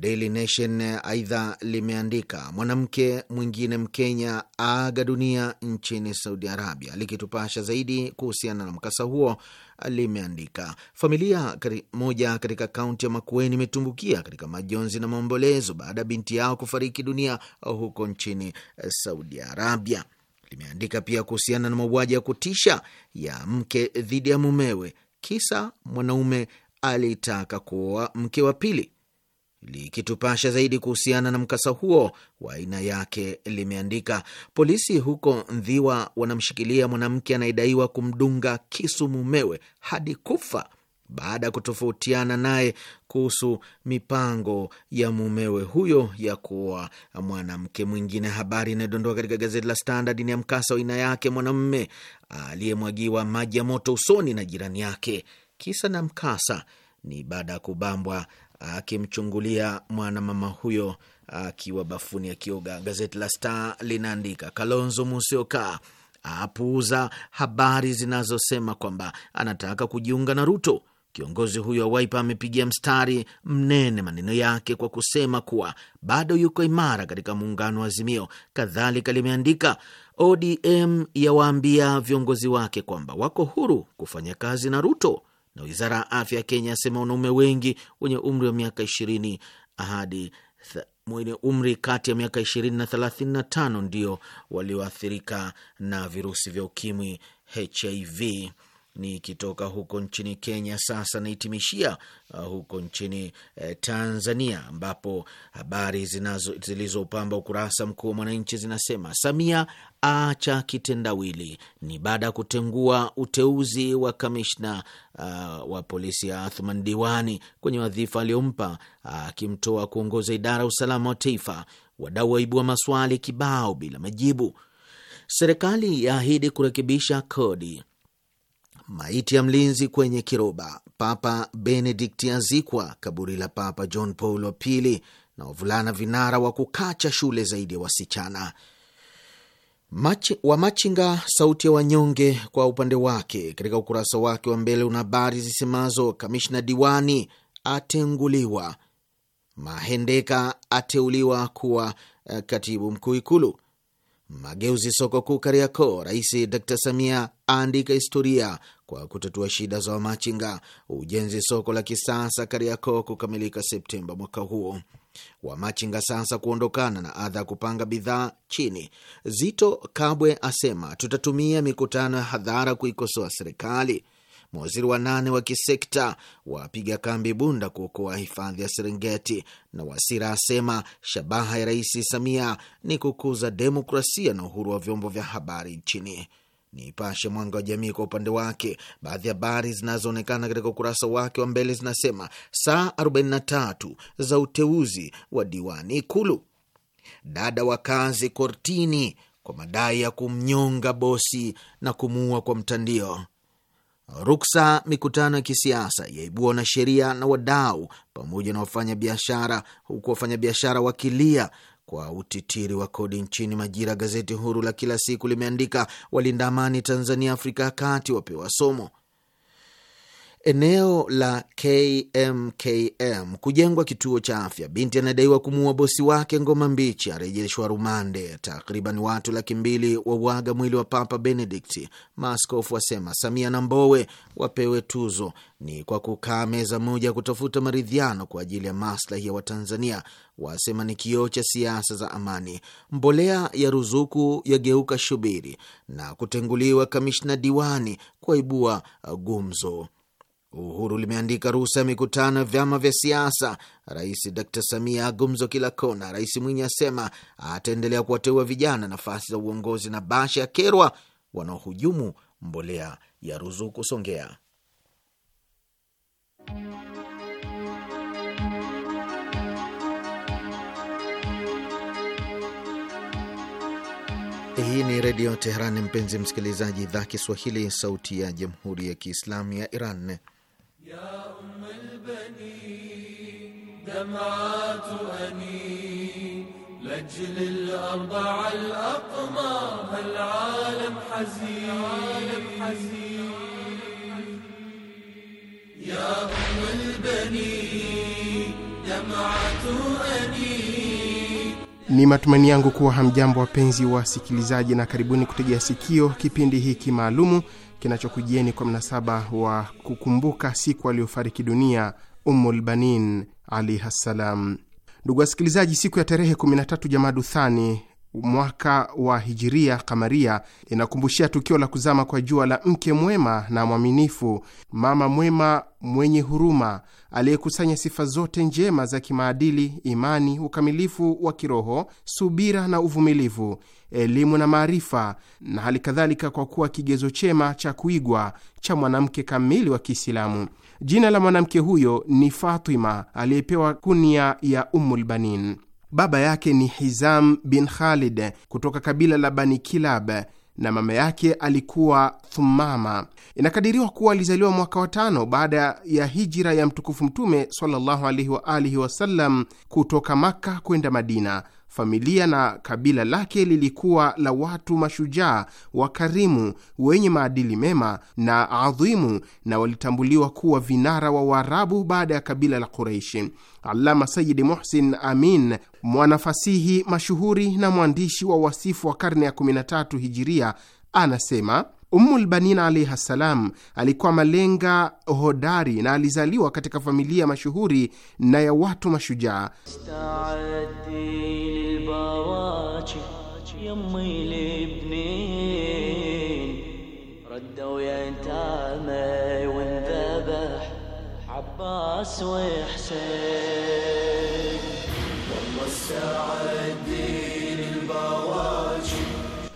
Daily Nation aidha limeandika mwanamke mwingine Mkenya aaga dunia nchini Saudi Arabia. Likitupasha zaidi kuhusiana na mkasa huo, limeandika familia kari, moja katika kaunti ya Makueni imetumbukia katika majonzi na maombolezo baada ya binti yao kufariki dunia huko nchini Saudi Arabia. Limeandika pia kuhusiana na mauaji ya kutisha ya mke dhidi ya mumewe, kisa mwanaume alitaka kuoa mke wa pili. Likitupasha zaidi kuhusiana na mkasa huo wa aina yake, limeandika polisi huko Ndhiwa wanamshikilia mwanamke anayedaiwa kumdunga kisu mumewe hadi kufa baada ya kutofautiana naye kuhusu mipango ya mumewe huyo ya kuoa mwanamke mwingine. Habari inayodondoka katika gazeti la Standard ni ya mkasa wa aina yake, mwanamume aliyemwagiwa maji ya moto usoni na jirani yake. Kisa na mkasa ni baada ya kubambwa akimchungulia mwanamama huyo akiwa bafuni akioga. Gazeti la Star linaandika Kalonzo Musyoka apuuza habari zinazosema kwamba anataka kujiunga na Ruto. Kiongozi huyo wa Waipa amepigia mstari mnene maneno yake kwa kusema kuwa bado yuko imara katika muungano wa Azimio. Kadhalika limeandika ODM yawaambia viongozi wake kwamba wako huru kufanya kazi na Ruto na wizara ya afya ya Kenya asema wanaume wengi wenye umri wa miaka ishirini hadi mwenye umri kati ya miaka ishirini na thelathini na tano ndio walioathirika na virusi vya ukimwi HIV. Nikitoka huko nchini Kenya, sasa naitimishia uh, huko nchini eh, Tanzania, ambapo habari zilizopamba ukurasa mkuu wa Mwananchi zinasema Samia acha kitendawili, ni baada ya kutengua uteuzi wa kamishna uh, wa polisi ya Athman Diwani kwenye wadhifa aliyompa uh, akimtoa uh, kuongoza idara ya usalama wa taifa. Wadau waibua maswali kibao bila majibu. Serikali yaahidi kurekebisha kodi Maiti ya mlinzi kwenye kiroba. Papa Benedikti azikwa kaburi la Papa John Paul wa Pili, na wavulana vinara wa kukacha shule zaidi ya wasichana. Machi, wamachinga sauti ya wanyonge, kwa upande wake katika ukurasa wake wa mbele una habari zisemazo: kamishna diwani atenguliwa, Mahendeka ateuliwa kuwa eh, katibu mkuu Ikulu, Mageuzi soko kuu Kariakoo, Rais Dr Samia aandika historia kwa kutatua shida za wamachinga. Ujenzi soko la kisasa Kariakoo kukamilika Septemba mwaka huu. Wamachinga sasa kuondokana na adha ya kupanga bidhaa chini. Zito Kabwe asema tutatumia mikutano ya hadhara kuikosoa serikali mawaziri wanane wa kisekta wapiga kambi Bunda kuokoa hifadhi ya Serengeti, na Wasira asema shabaha ya Rais Samia ni kukuza demokrasia na uhuru wa vyombo vya habari nchini. Nipashe Mwanga wa Jamii kwa upande wake, baadhi ya habari zinazoonekana katika ukurasa wake wa mbele zinasema saa 43 za uteuzi wa diwani Ikulu, dada wa kazi kortini kwa madai ya kumnyonga bosi na kumuua kwa mtandio ruksa mikutano ya kisiasa yaibua wanasheria na wadau pamoja na wafanyabiashara, huku wafanyabiashara wakilia kwa utitiri wa kodi nchini. Majira, gazeti huru la kila siku, limeandika walinda amani Tanzania, Afrika ya Kati wapewa somo eneo la KMKM kujengwa kituo cha afya. Binti anadaiwa kumuua bosi wake ngoma mbichi, arejeshwa rumande. Takriban watu laki mbili wauaga mwili wa Papa Benedict. Maaskofu wasema Samia na Mbowe wapewe tuzo ni kwa kukaa meza moja kutafuta maridhiano kwa ajili ya maslahi ya Watanzania, wasema ni kioo cha siasa za amani. Mbolea ya ruzuku yageuka shubiri na kutenguliwa kamishna diwani kwaibua gumzo. Uhuru limeandika ruhusa ya mikutano ya vyama vya siasa. Rais Dr Samia agumzo kila kona. Rais Mwinyi asema ataendelea kuwateua vijana nafasi za uongozi, na Bashe akerwa wanaohujumu mbolea ya ruzuku Songea. Hii ni Redio Teheran, mpenzi msikilizaji, idhaa Kiswahili, sauti ya Jamhuri ya Kiislamu ya Iran. يا دمعات لجل العالم حزين يا Ni matumaini yangu kuwa hamjambo wapenzi wasikilizaji, na karibuni kutegea sikio kipindi hiki maalumu kinachokujieni kwa mnasaba wa kukumbuka siku aliyofariki dunia ummulbanin alaihi ssalam. Ndugu wasikilizaji, siku ya tarehe 13 Jamadu Thani mwaka wa hijiria kamaria inakumbushia tukio la kuzama kwa jua la mke mwema na mwaminifu, mama mwema mwenye huruma, aliyekusanya sifa zote njema za kimaadili, imani, ukamilifu wa kiroho, subira na uvumilivu, elimu na maarifa, na hali kadhalika, kwa kuwa kigezo chema cha kuigwa cha mwanamke kamili wa Kiislamu. Jina la mwanamke huyo ni Fatima, aliyepewa kunia ya Ummulbanin. Baba yake ni Hizam bin Khalid kutoka kabila la Bani Kilab na mama yake alikuwa Thumama. Inakadiriwa kuwa alizaliwa mwaka wa tano baada ya hijira ya mtukufu Mtume sallallahu alaihi wa alihi wasallam kutoka Makka kwenda Madina. Familia na kabila lake lilikuwa la watu mashujaa, wakarimu, wenye maadili mema na adhimu, na walitambuliwa kuwa vinara wa Waarabu baada ya kabila la Quraishi. Alama Sayidi Muhsin Amin mwanafasihi mashuhuri na mwandishi wa wasifu wa karne ya 13 hijiria anasema ummulbanin Banin alaihi ssalam alikuwa malenga hodari na alizaliwa katika familia mashuhuri na ya watu mashujaa.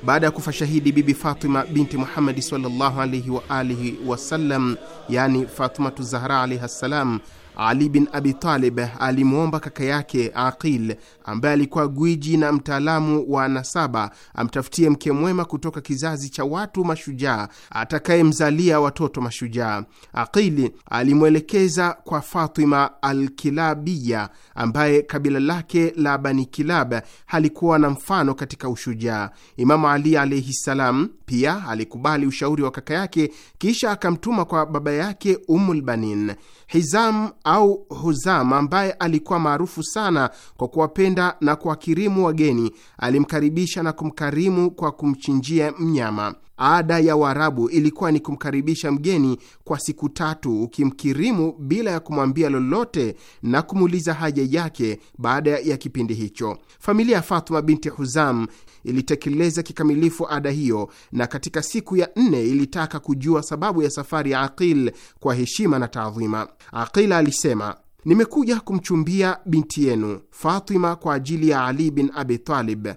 Baada ya kufa shahidi Bibi Fatima binti Muhammadi sallallahu alaihi wa alihi wasallam, yani Fatimatu Zahra alaihi ssalam ali bin Abi Talib alimwomba kaka yake Aqil ambaye alikuwa gwiji na mtaalamu wa nasaba amtafutie mke mwema kutoka kizazi cha watu mashujaa atakayemzalia watoto mashujaa. Aqil alimwelekeza kwa Fatima Alkilabiya ambaye kabila lake la Bani Kilab halikuwa na mfano katika ushujaa. Imamu Ali alaihi ssalam pia alikubali ushauri wa kaka yake, kisha akamtuma kwa baba yake Ummulbanin Hizam au huzam ambaye alikuwa maarufu sana kwa kuwapenda na kuwakirimu wageni, alimkaribisha na kumkarimu kwa kumchinjia mnyama. Ada ya Waarabu ilikuwa ni kumkaribisha mgeni kwa siku tatu, ukimkirimu bila ya kumwambia lolote na kumuuliza haja yake baada ya kipindi hicho. Familia ya Fatuma binti Huzam ilitekeleza kikamilifu ada hiyo, na katika siku ya nne ilitaka kujua sababu ya safari ya Aqil kwa heshima na taadhima. Aqil alisema nimekuja kumchumbia binti yenu Fatima kwa ajili ya Ali bin Abi Talib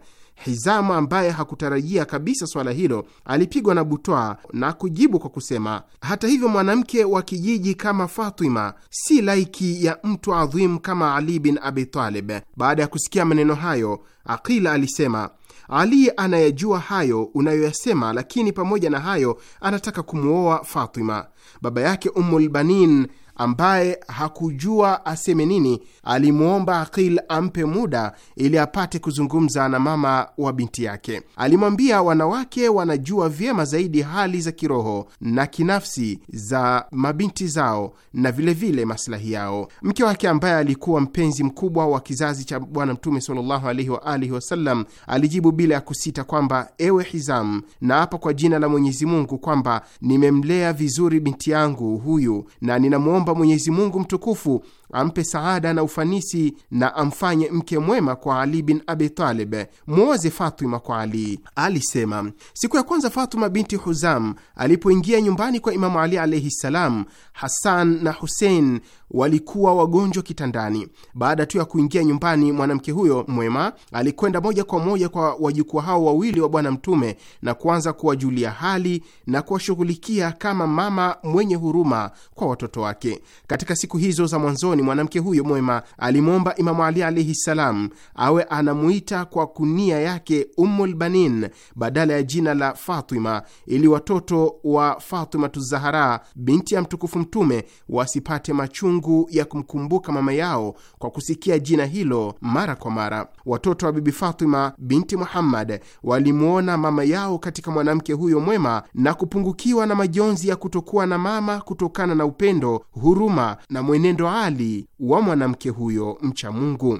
Hizamu ambaye hakutarajia kabisa swala hilo alipigwa na butwa na kujibu kwa kusema, hata hivyo, mwanamke wa kijiji kama Fatima si laiki ya mtu adhimu kama Ali bin Abi Talib. Baada ya kusikia maneno hayo, Aqila alisema, Ali anayajua hayo unayoyasema, lakini pamoja na hayo anataka kumwoa Fatima. Baba yake Ummulbanin ambaye hakujua aseme nini, alimwomba Aqil ampe muda ili apate kuzungumza na mama wa binti yake. Alimwambia wanawake wanajua vyema zaidi hali za kiroho na kinafsi za mabinti zao na vilevile vile yao. Mke wake ambaye alikuwa mpenzi mkubwa wa kizazi cha Bwana Mtume sallallahu alaihi wa alihi wasallam alijibu bila ya kusita kwamba ewe Hizamu, hapa kwa jina la Mwenyezi Mungu kwamba nimemlea vizuri binti yangu huyu na ninamwomba kumwomba Mwenyezi Mungu mtukufu ampe saada na ufanisi na amfanye mke mwema kwa Ali bin Abi Talib, mwoze Fatuma kwa Ali. Alisema, siku ya kwanza Fatuma binti Huzam alipoingia nyumbani kwa Imamu Ali alaihi ssalam, Hasan na Husein walikuwa wagonjwa kitandani. Baada tu ya kuingia nyumbani, mwanamke huyo mwema alikwenda moja kwa moja kwa wajukuu hao wawili wa Bwana Mtume na kuanza kuwajulia hali na kuwashughulikia kama mama mwenye huruma kwa watoto wake. Katika siku hizo za mwanzoni miongoni mwanamke huyo mwema alimwomba Imamu Ali alaihi ssalam awe anamuita kwa kunia yake ummulbanin badala ya jina la Fatima ili watoto wa Fatimatu Zahara binti ya mtukufu Mtume wasipate machungu ya kumkumbuka mama yao kwa kusikia jina hilo mara kwa mara. Watoto wa Bibi Fatima binti Muhammad walimwona mama yao katika mwanamke huyo mwema na kupungukiwa na majonzi ya kutokuwa na mama kutokana na upendo, huruma na mwenendo ali mwili wa mwanamke huyo mcha Mungu.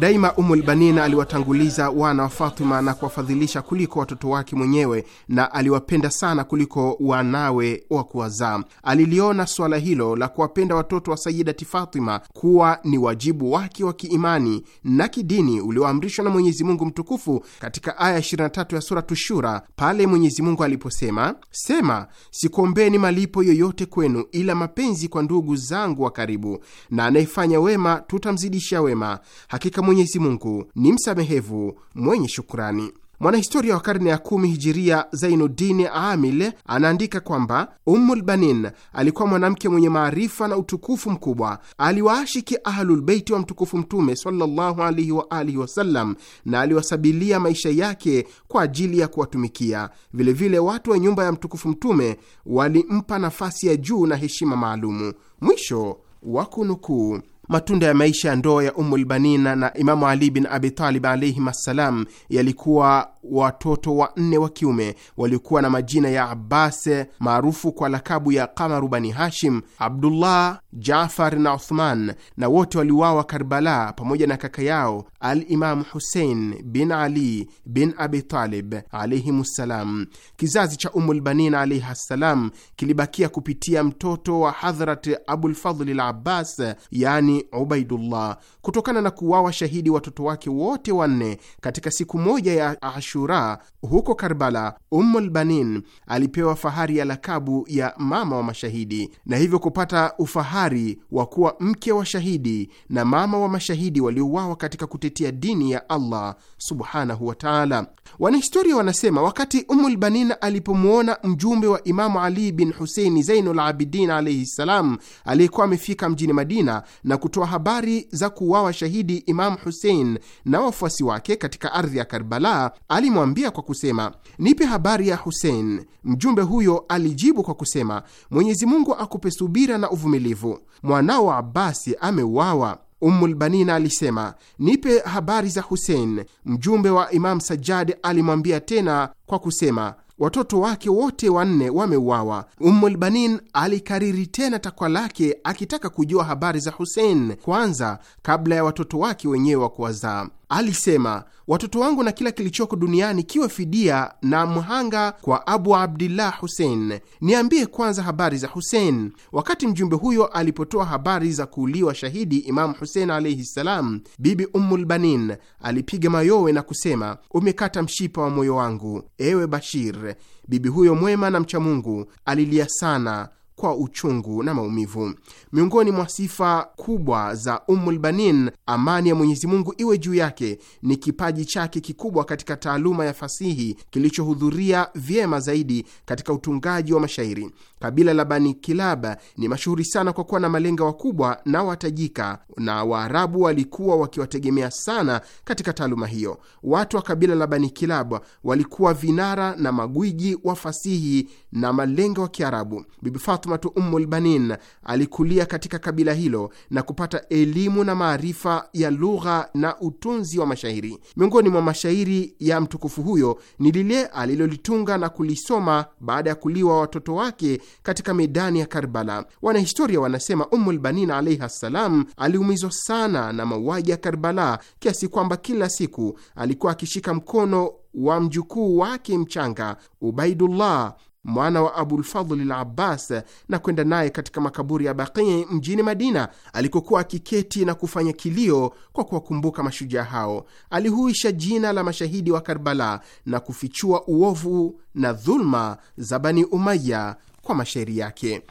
Daima Umul Banina aliwatanguliza wana wa Fatima na kuwafadhilisha kuliko watoto wake mwenyewe, na aliwapenda sana kuliko wanawe wa kuwazaa. Aliliona suala hilo la kuwapenda watoto wa Sayidati Fatima kuwa ni wajibu wake wa kiimani na kidini ulioamrishwa na Mwenyezi Mungu mtukufu katika aya 23 ya Suratu Shura, pale Mwenyezi Mungu aliposema: Sema, sikuombeni malipo yoyote kwenu ila mapenzi kwa ndugu zangu wa karibu, na anayefanya wema tutamzidishia wema, hakika Mwenyezi Mungu ni msamehevu mwenye shukurani. Mwanahistoria wa karne ya kumi hijiria Zainuddin Amil anaandika kwamba Ummulbanin alikuwa mwanamke mwenye maarifa na utukufu mkubwa. Aliwaashiki Ahlulbeiti wa mtukufu Mtume sallallahu alaihi wa alihi wasallam na aliwasabilia maisha yake kwa ajili ya kuwatumikia. Vilevile watu wa nyumba ya mtukufu Mtume walimpa nafasi ya juu na heshima maalumu. Mwisho wa kunukuu. Matunda ya maisha ya ndoa ya Ummulbanina na Imamu Ali bin Abitalib alaihim assalam yalikuwa watoto wanne wa kiume waliokuwa na majina ya abbas maarufu kwa lakabu ya Kamaru Bani Hashim, Abdullah, Jafar na Uthman, na wote waliuawa Karbala pamoja na kaka yao Alimamu Husein bin Ali bin Abi Talib alaihim ssalam. Kizazi cha Umulbanin alaihi ssalam kilibakia kupitia mtoto wa Hadhrat Abulfadhli l Abbas, yani Ubaidullah, kutokana na kuwawa shahidi watoto wake wote wanne katika siku moja ya Ashura. Ashura huko Karbala, Ummul Banin alipewa fahari ya lakabu ya mama wa mashahidi na hivyo kupata ufahari wa kuwa mke wa shahidi na mama wa mashahidi waliouawa katika kutetea dini ya Allah subhanahu wataala Wanahistoria wanasema wakati Ummul Banin alipomwona mjumbe wa Imamu Ali bin Huseini Zainul Abidin alaihi ssalam aliyekuwa amefika mjini Madina na kutoa habari za kuuawa shahidi Imamu Husein na wafuasi wake katika ardhi ya Karbala ali alimwambia kwa kusema, nipe habari ya Husein. Mjumbe huyo alijibu kwa kusema, Mwenyezi Mungu akupe subira na uvumilivu, mwanao Abasi ameuawa. Ummulbanina alisema, nipe habari za Husein. Mjumbe wa Imamu Sajjadi alimwambia tena kwa kusema watoto wake wote wanne wameuawa. ummulbanin alikariri tena takwa lake akitaka kujua habari za Husein kwanza kabla ya watoto wake wenyewe wa kuwazaa. Alisema, watoto wangu na kila kilichoko duniani kiwe fidia na mhanga kwa Abu Abdillah Husein. Niambie kwanza habari za Husein. Wakati mjumbe huyo alipotoa habari za kuuliwa shahidi Imamu Husein alaihi ssalam, Bibi ummulbanin alipiga mayowe na kusema, umekata mshipa wa moyo wangu, ewe Bashir bibi huyo mwema na mcha Mungu, alilia sana kwa uchungu na maumivu. Miongoni mwa sifa kubwa za ummulbanin amani ya Mwenyezi Mungu iwe juu yake, ni kipaji chake kikubwa katika taaluma ya fasihi kilichohudhuria vyema zaidi katika utungaji wa mashairi. Kabila la Bani Kilab ni mashuhuri sana kwa kuwa na malenga wakubwa na watajika, na Waarabu walikuwa wakiwategemea sana katika taaluma hiyo. Watu wa kabila la Bani Kilab walikuwa vinara na magwiji wa fasihi na malenga wa Kiarabu. Bibi Fatuma Fatmatu Ummul Banin alikulia katika kabila hilo na kupata elimu na maarifa ya lugha na utunzi wa mashairi. Miongoni mwa mashairi ya mtukufu huyo ni lile alilolitunga na kulisoma baada ya kuliwa watoto wake katika medani ya Karbala. Wanahistoria wanasema Ummul Banin alaihi ssalam aliumizwa sana na mauaji ya Karbala kiasi kwamba kila siku alikuwa akishika mkono wa mjukuu wake mchanga Ubaidullah mwana wa Abulfadhli l Abbas na kwenda naye katika makaburi ya baqi mjini Madina alikokuwa akiketi na kufanya kilio kwa kuwakumbuka mashujaa hao. Alihuisha jina la mashahidi wa Karbala na kufichua uovu na dhulma za Bani Umaya kwa mashairi yake.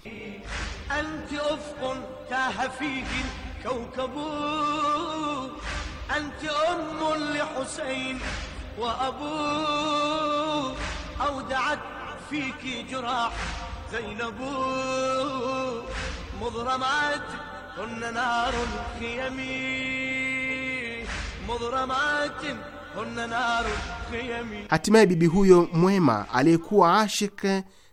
فيك جراح زينب مضرمات هن نار خيمي مضرمات هن نار خيمي. Hatimaye bibi huyo mwema aliyekuwa ashik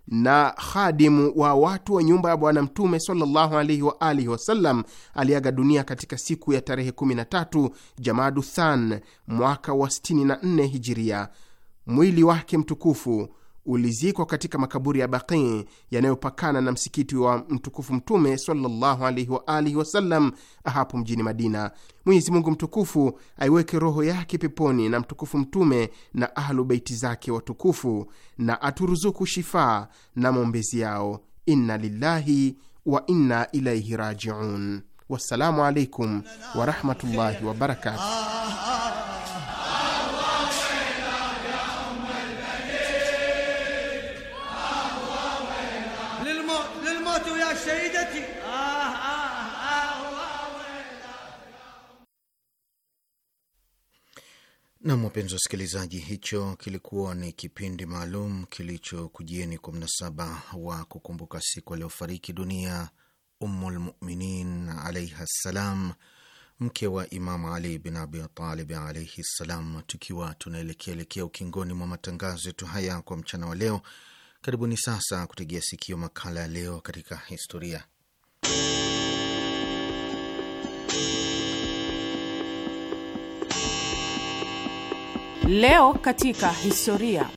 na khadimu wa watu wa nyumba ya Bwana Mtume sallallahu alaihi wa alihi wasallam aliaga dunia katika siku ya tarehe 13 Jamadu Than mwaka wa 64 Hijiria. Mwili wake mtukufu ulizikwa katika makaburi ya Baqii yanayopakana na msikiti wa mtukufu Mtume sallallahu alaihi wa alihi wasallam hapo mjini Madina. Mwenyezi Mungu mtukufu aiweke roho yake peponi na mtukufu Mtume na ahlu beiti zake watukufu, na aturuzuku shifaa na maombezi yao. Inna lillahi wa inna ilaihi rajiun. Wassalamu alaikum warahmatullahi wabarakatuh. Nam, wapenzi wasikilizaji, hicho kilikuwa ni kipindi maalum kilichokujieni kwa mnasaba wa kukumbuka siku aliyofariki dunia Ummulmuminin alaiha ssalam, mke wa Imamu Ali bin Abi Talib alaihi ssalam. Tukiwa tunaelekeaelekea ukingoni mwa matangazo yetu haya kwa mchana wa leo, karibuni sasa kutegea sikio makala ya leo katika historia Leo katika historia.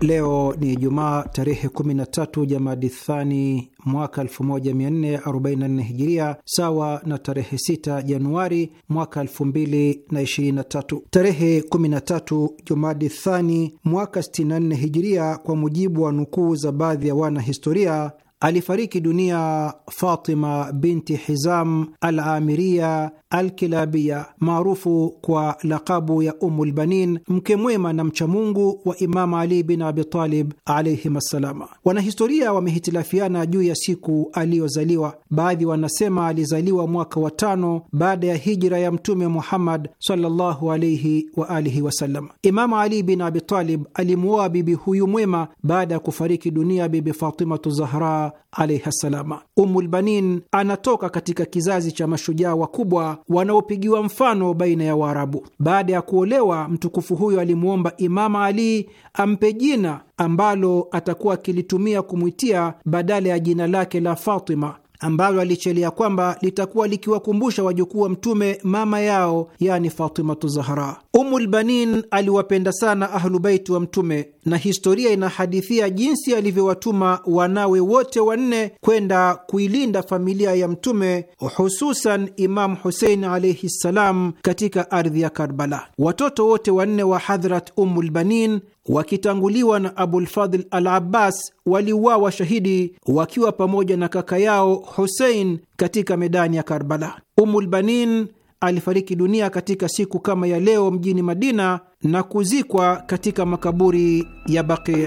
Leo ni Jumaa tarehe 13 Jamadi Thani mwaka 1444 Hijiria, sawa na tarehe 6 Januari mwaka 2023. Tarehe 13 Jumadi Thani mwaka 64 Hijiria, kwa mujibu wa nukuu za baadhi ya wanahistoria, alifariki dunia Fatima binti Hizam al Amiria Alkilabia, maarufu kwa lakabu ya lbanin mke mwema na mchamungu wa Imamu Ali bin Abitalib alaihim assalama. Wanahistoria wamehitilafiana juu ya siku aliyozaliwa. Baadhi wanasema alizaliwa mwaka wa tano baada ya hijra ya Mtume Muhammad sallallahu alaihi wa alihi wasallam. Imamu Ali bin Abitalib alimuoa bibi huyu mwema baada ya kufariki dunia Bibi Fatimatu Zahra alaihi ssalama. Ummulbanin anatoka katika kizazi cha mashujaa wakubwa wanaopigiwa mfano baina ya Waarabu. Baada ya kuolewa, mtukufu huyo alimwomba Imama Ali ampe jina ambalo atakuwa akilitumia kumwitia badala ya jina lake la Fatima ambalo alichelea kwamba litakuwa likiwakumbusha wajukuu wa Mtume mama yao, yani Fatimatu Zahra. Ummulbanin aliwapenda sana Ahlubaiti wa Mtume, na historia inahadithia jinsi alivyowatuma wanawe wote wanne kwenda kuilinda familia ya Mtume, hususan Imamu Husein alaihi ssalam, katika ardhi ya Karbala. Watoto wote wanne wa Hadhrat Ummulbanin wakitanguliwa na Abulfadhl al Abbas waliuawa shahidi wakiwa pamoja na kaka yao Husein katika medani ya Karbala. Umulbanin alifariki dunia katika siku kama ya leo mjini Madina na kuzikwa katika makaburi ya Baqi.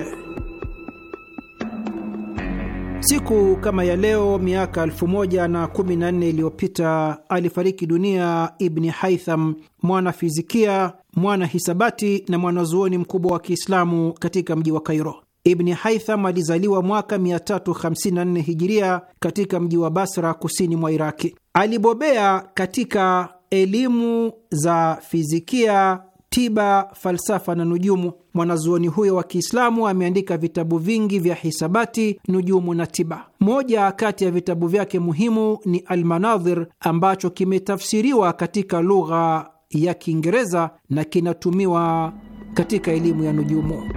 Siku kama ya leo miaka elfu moja na kumi na nne iliyopita alifariki dunia Ibni Haitham, mwana fizikia mwana hisabati na mwanazuoni mkubwa wa Kiislamu katika mji wa Kairo. Ibni Haitham alizaliwa mwaka 354 hijiria katika mji wa Basra, kusini mwa Iraki. Alibobea katika elimu za fizikia, tiba, falsafa na nujumu. Mwanazuoni huyo wa Kiislamu ameandika vitabu vingi vya hisabati, nujumu na tiba. Moja kati ya vitabu vyake muhimu ni Almanadhir ambacho kimetafsiriwa katika lugha ya Kiingereza na kinatumiwa katika elimu ya nujumu.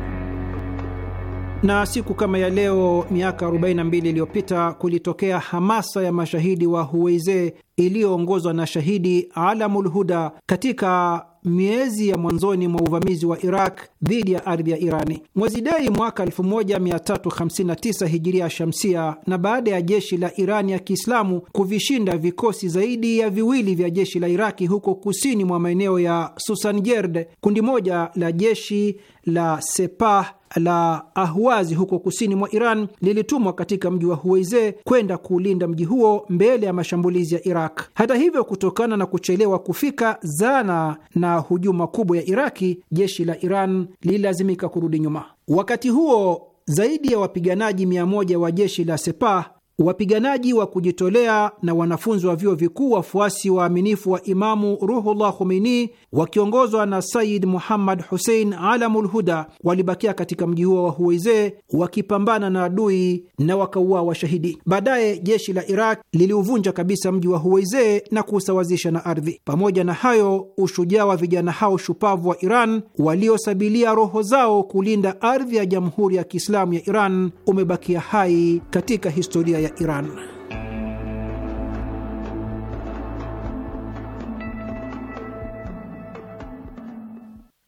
Na siku kama ya leo miaka 42 iliyopita kulitokea hamasa ya mashahidi wa Huweize iliyoongozwa na shahidi Alamul Huda katika miezi ya mwanzoni mwa uvamizi wa Iraq dhidi ya ardhi ya Irani. Mwezi Dei mwaka 1359 hijiria shamsia, na baada ya jeshi la Irani ya Kiislamu kuvishinda vikosi zaidi ya viwili vya jeshi la Iraki huko kusini mwa maeneo ya Susanjerde, kundi moja la jeshi la Sepah la Ahwazi huko kusini mwa Iran lilitumwa katika mji wa Huweize kwenda kuulinda mji huo mbele ya mashambulizi ya Iraq. Hata hivyo, kutokana na kuchelewa kufika zana na hujuma kubwa ya Iraki, jeshi la Iran lililazimika kurudi nyuma. Wakati huo, zaidi ya wapiganaji mia moja wa jeshi la Sepah wapiganaji wa kujitolea na wanafunzi wa vyuo vikuu wafuasi waaminifu wa Imamu Ruhullah Khomeini wakiongozwa na Sayid Muhammad Husein Alamul Huda walibakia katika mji huo wa Huweize wakipambana na adui na wakauawa washahidi. Baadaye jeshi la Iraq liliuvunja kabisa mji wa Huweize na kuusawazisha na ardhi. Pamoja na hayo, ushujaa wa vijana hao shupavu wa Iran waliosabilia roho zao kulinda ardhi ya Jamhuri ya Kiislamu ya Iran umebakia hai katika historia ya Iran.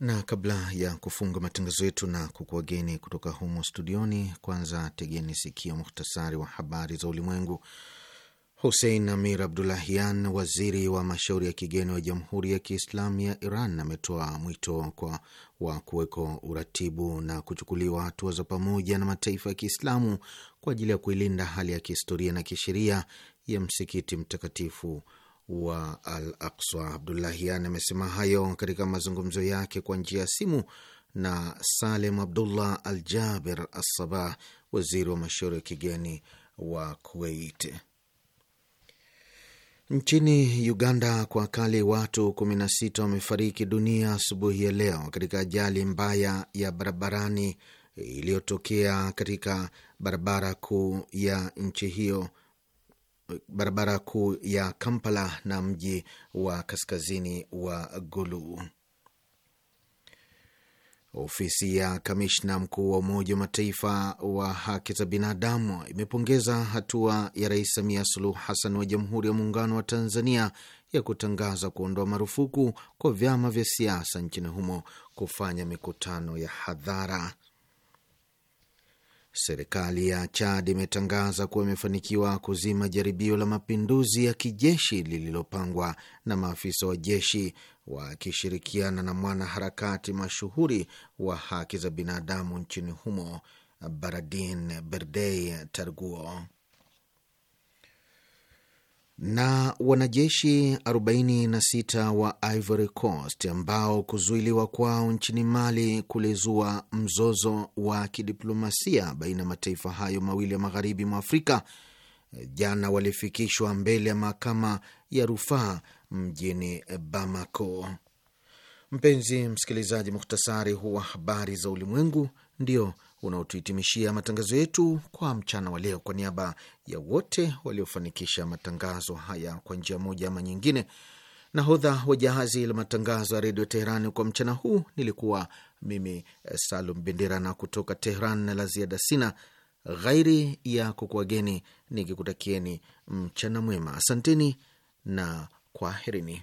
na kabla ya kufunga matangazo yetu na kukuwageni kutoka humo studioni, kwanza tegeni sikio muhtasari wa habari za ulimwengu. husein Amir Abdulahian, waziri wa mashauri ya kigeni wa Jamhuri ya Kiislamu ya Iran, ametoa mwito kwa wa kuweko uratibu na kuchukuliwa hatua za pamoja na mataifa ya Kiislamu kwa ajili ya kuilinda hali ya kihistoria na kisheria ya msikiti mtakatifu wa Al Aqsa. Abdullahian amesema hayo katika mazungumzo yake kwa njia ya simu na Salem Abdullah Al Jaber Assabah, waziri wa mashauri ya kigeni wa Kuwait. Nchini Uganda kwa kali watu 16 wamefariki dunia asubuhi ya leo katika ajali mbaya ya barabarani iliyotokea katika barabara kuu ya nchi hiyo barabara kuu ya Kampala na mji wa kaskazini wa Gulu. Ofisi ya kamishna mkuu wa Umoja wa Mataifa wa haki za binadamu imepongeza hatua ya Rais Samia Suluhu Hassan wa Jamhuri ya Muungano wa Tanzania ya kutangaza kuondoa marufuku kwa vyama vya siasa nchini humo kufanya mikutano ya hadhara. Serikali ya Chad imetangaza kuwa imefanikiwa kuzima jaribio la mapinduzi ya kijeshi lililopangwa na maafisa wa jeshi wakishirikiana na mwanaharakati mashuhuri wa haki za binadamu nchini humo Baradin Berdei Targuo na wanajeshi 46 wa Ivory Coast ambao kuzuiliwa kwao nchini Mali kulizua mzozo wa kidiplomasia baina ya mataifa hayo mawili ya magharibi mwa Afrika, jana walifikishwa mbele ya mahakama ya rufaa mjini Bamako. Mpenzi msikilizaji, muhtasari huwa habari za ulimwengu ndio unaotuhitimishia matangazo yetu kwa mchana wa leo. Kwa niaba ya wote waliofanikisha matangazo haya kwa njia moja ama nyingine, nahodha wa jahazi la matangazo ya redio Teheran kwa mchana huu nilikuwa mimi eh, Salum Bendera, na kutoka Teheran na la ziada sina ghairi ya kukuageni nikikutakieni mchana mwema. Asanteni na kwaherini.